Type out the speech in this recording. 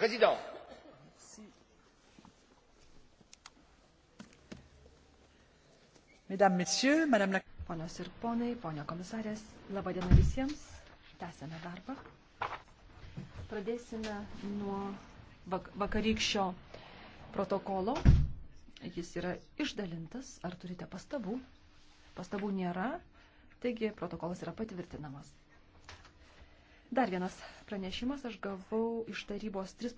présidente mesdames messieurs madame la ponios ir ponai pone komisarės laba diena visiems tęsiame darbą pradėsime nuo vak vakarykščio protokolo jis yra išdalintas ar turite pastabų pastabų nėra taigi protokolas yra patvirtinamas Dar vienas pranešimas aš gavau iš tarybos tris